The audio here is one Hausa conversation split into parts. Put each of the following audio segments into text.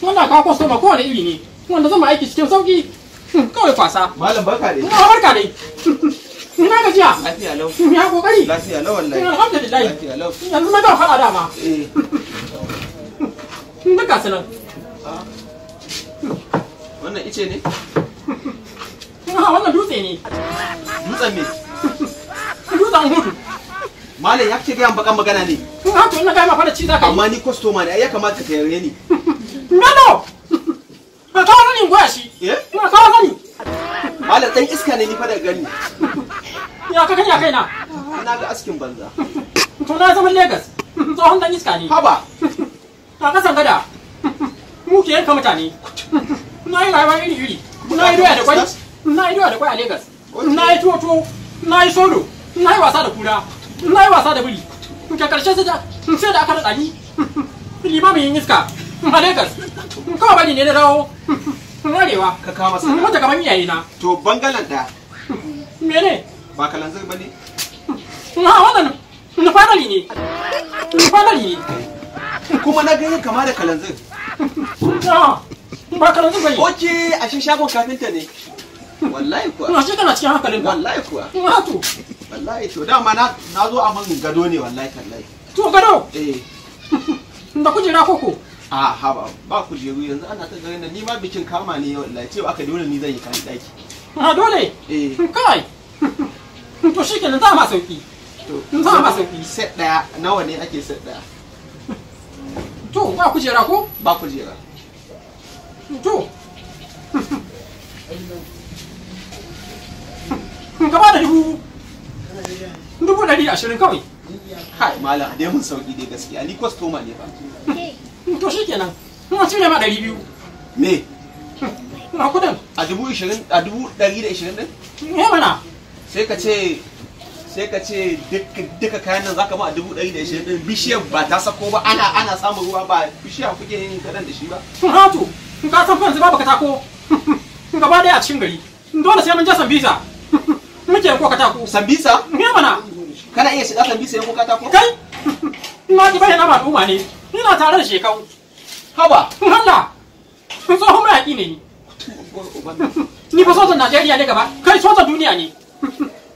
wannan ka kwasto ma kowane iri ne wanda zan ma aiki cikin sauki hmm, kawai kwasa malam barka dai barka dai hmm, lafiya lau hmm, ya kokari lafiya lau wallahi alhamdulillah lafiya ma ga dama eh sanan wannan ne a ah, wannan dutse bakan magana ne to ina ga ma fara ci zaka amma ni customer ne ai ya kamata ka ni No, no. Na kawo sanin goya shi. Na eh? kawo sani. Malam ɗan iska ne ni fa da gani. Ya ka kanya kaina. Na ga askin banza. To na zama Legas. Tsohon dan iska ne. Haba. Na kasan gada. Mu ke yanka mutane. Na yi rayuwa iri iri. Na yi doya da kwai. Na yi doya da kwai a Legas. Na yi tuwo Na yi solo. Na yi wasa da kura. Na yi wasa da biri. Ka karshe sai da aka raɗa ni. Limamin yin iska. a Lagos kawai bani ne na dawo warewa ka kawo masa mata kamar iyaye na to bangalan da mene ba kalanzir bane na wannan na farali ne na farali ne kuma na gani kama da kalanzir ba kalanzir bane oke a shi shagon kafinta ne wallahi kuwa na shi kana cikin hankalin wallahi kuwa na to wallahi to dama na na zo a man gado ne wallahi kallahi to gado eh da kujera koko a ah, haba ba ku jeru yanzu ana ta garin nan ni ma bikin kama ne yau Allah cewa aka dole ni zan yi kan daki a ah, dole eh kai to shi kenan za ma sauki to za ma sauki set daya nawa ne ake set daya to ba ku jera ko ba ku jera to gaba da dubu dubu ɗari ashirin kawai kai malam dai mun sauki dai gaskiya ni kwastoma ne ba to shi kenan kuma cire ma ɗari biyu me na kudin a dubu ishirin a dubu ɗari da ishirin ɗin me mana sai ka ce sai ka ce duka kayan nan zaka ba a dubu ɗari da ishirin ɗin bishiyar ba ta sako ba ana ana samun ruwa ba bishiya kuke yin kaɗan da shi ba ha to ka san fansu babu katako gaba ɗaya a cikin gari dole sai mun je sambisa muke ko katako sambisa me mana kana iya shiga sambisa yanko katako kai ina ki bayyana ba al'umma ne ina tare da shekau haba Allah tsohon mayaƙi ne ni ni ba sojan Najeriya ne gaba kai sojan duniya ne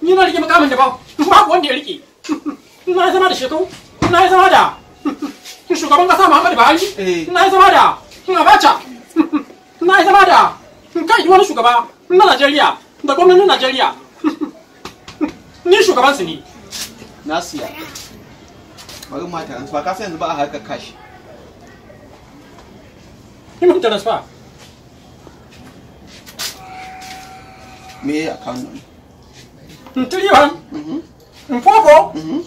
ni na rike makamin da ba babu wanda ya rike na yi zama da shekau na yi zama da shugaban kasa Muhammadu Buhari na yi zama da Abacha na yi zama da kai wani shugaba na Najeriya da gwamnatin Najeriya ni shugabansu ne na bari ma transfer ka san yanzu ba a harkar kashi. yi mun transfer me ya account number in three one mm-hmm. in mm-hmm.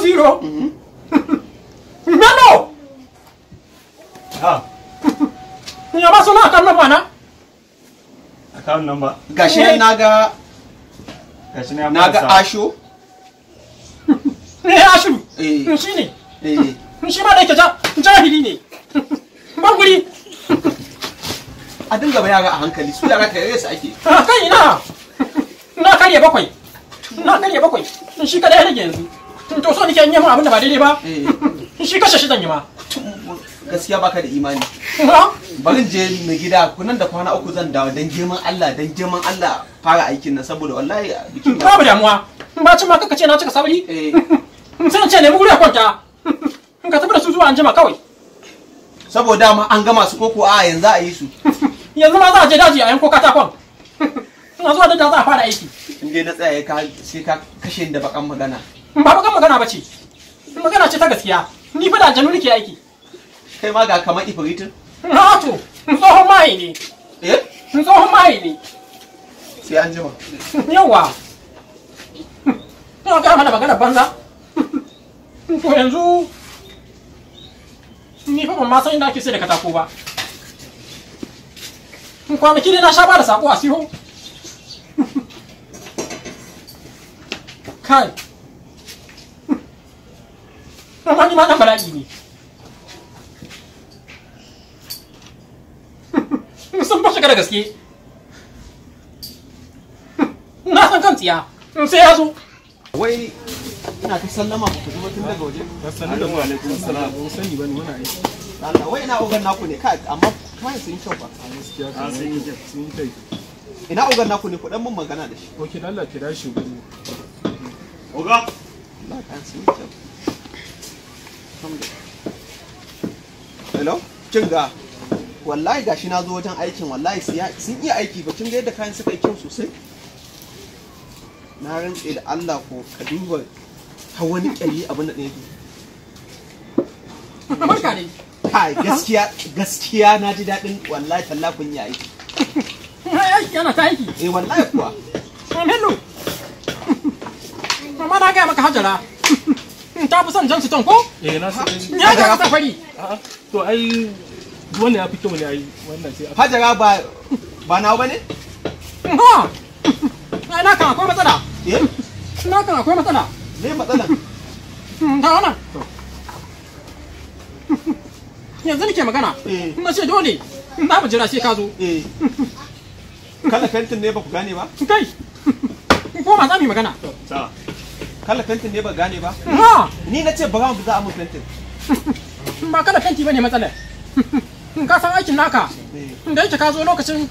zero mm-hmm. melo ha ah. ya ba suna account number na account number gashi na eh. ga gashi na ga asho ne ya shi shi ne shi ma da yake jahili ne maguri a dinga ba yara a hankali su yara tare su ake kai ina na karye bakwai na karye bakwai shi kada ya rage yanzu to so nake yin mun abin da ba daidai ba shi kashe shi zan yi ma gaskiya baka da imani barin je na gida kunan da kwana uku zan dawo dan girman Allah dan girman Allah fara aikin nan saboda wallahi bikin babu damuwa ba ci ma kaka ce na cika sauri sun ce nemi guri a kwanta in ka tafi da su zuwa an jima kawai saboda ma an gama su koko a yanzu a yi su yanzu ma za a je daji a yanko katakon ina zuwa da za a fara aiki in dai na tsaya ka sai ka kashe da bakan magana ba bakan magana ba ce magana ce ta gaskiya ni fa da aljanu nake aiki kai ma ga kamar ifiritin na to tsohon maye ne eh tsohon maye ne sai an jima yawa Ina ga mana magana banza to yanzu ni fa ban ma san inda ake sai da katako ba kwanaki ne na sha ba da sako a siho kai amma ni ma dan bala'i ne sun ba shiga da gaske na san kan tsiya sai ya ana ta sallama ku kuma tun daga waje assalamu alaikum alaikum assalam ban sani muna Allah wai ina ogan naku ne kai amma kuma sun kyau ba gaskiya sun yi sun kai ina ogan naku ne ku dan mun magana da shi ko ki oga Allah sun yi kyau hello wallahi gashi na zo wajen aikin wallahi sun iya aiki ba kin ga yadda kayan suka yi kyau sosai na rantse da Allah ko ka duba har wani kyalli abin da ne yake barka ne kai gaskiya gaskiya na ji daɗin wallahi talla kun yi aiki yana ta aiki eh wallahi kuwa amelu mama na gaya maka hajara ta fi son jan ton ko eh na san ya ga ta fari to ai wannan ya fito ne ai wannan sai hajara ba ba nawo bane ha na kan akwai matsala eh na kan akwai matsala ne matsalar ta wannan yanzu nake magana eh. na ce dole za mu jira sai ka zo eh. kala fentin ne ba ku gane ba kai ko ma za mu yi magana kala fentin ne ba gane ba ni na ce brown za a mu fentin ba kala fenti bane matsalar ka san aikin naka eh. da yake ka zo lokacin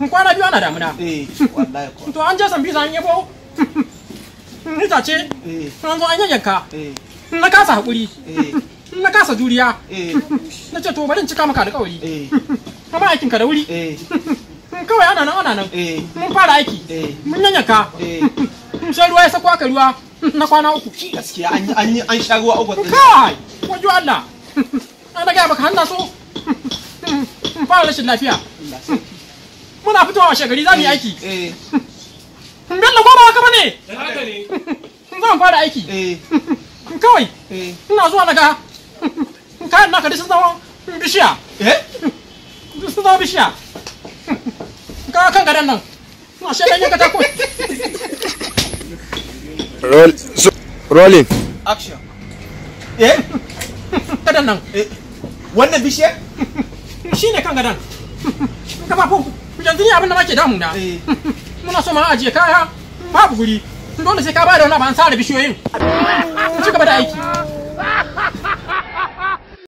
kwana biyu ana damuna to an je san biza an yabo ita ce eh. an zo an yanyanka eh. na kasa hakuri eh. na kasa juriya na ce to bari in cika maka alƙawari kuma aikinka da wuri kawai ana nan ana nan mun fara aiki mun yanyanka sai ruwa ya sako aka ruwa na kwana uku gaskiya an yi an sha ruwa uku kai wajo Allah an daga baka hannu so fara rashin lafiya muna fitowa shagari za mu yi aiki Bello goma ne zan fara aiki eh. kawai eh. ina zuwa daga kayan naka sun zama bishiya eh? sun zama bishiya ka kan gadan nan na shi ɗanyen katako rolling action eh gadan nan wannan bishiya shi ne kan gadan kafafu yanzu ni abin da ma ke damuna muna so ma ajiye kaya babu guri dole sai ka ba da wani abu an sare bishiyoyin ci gaba da aiki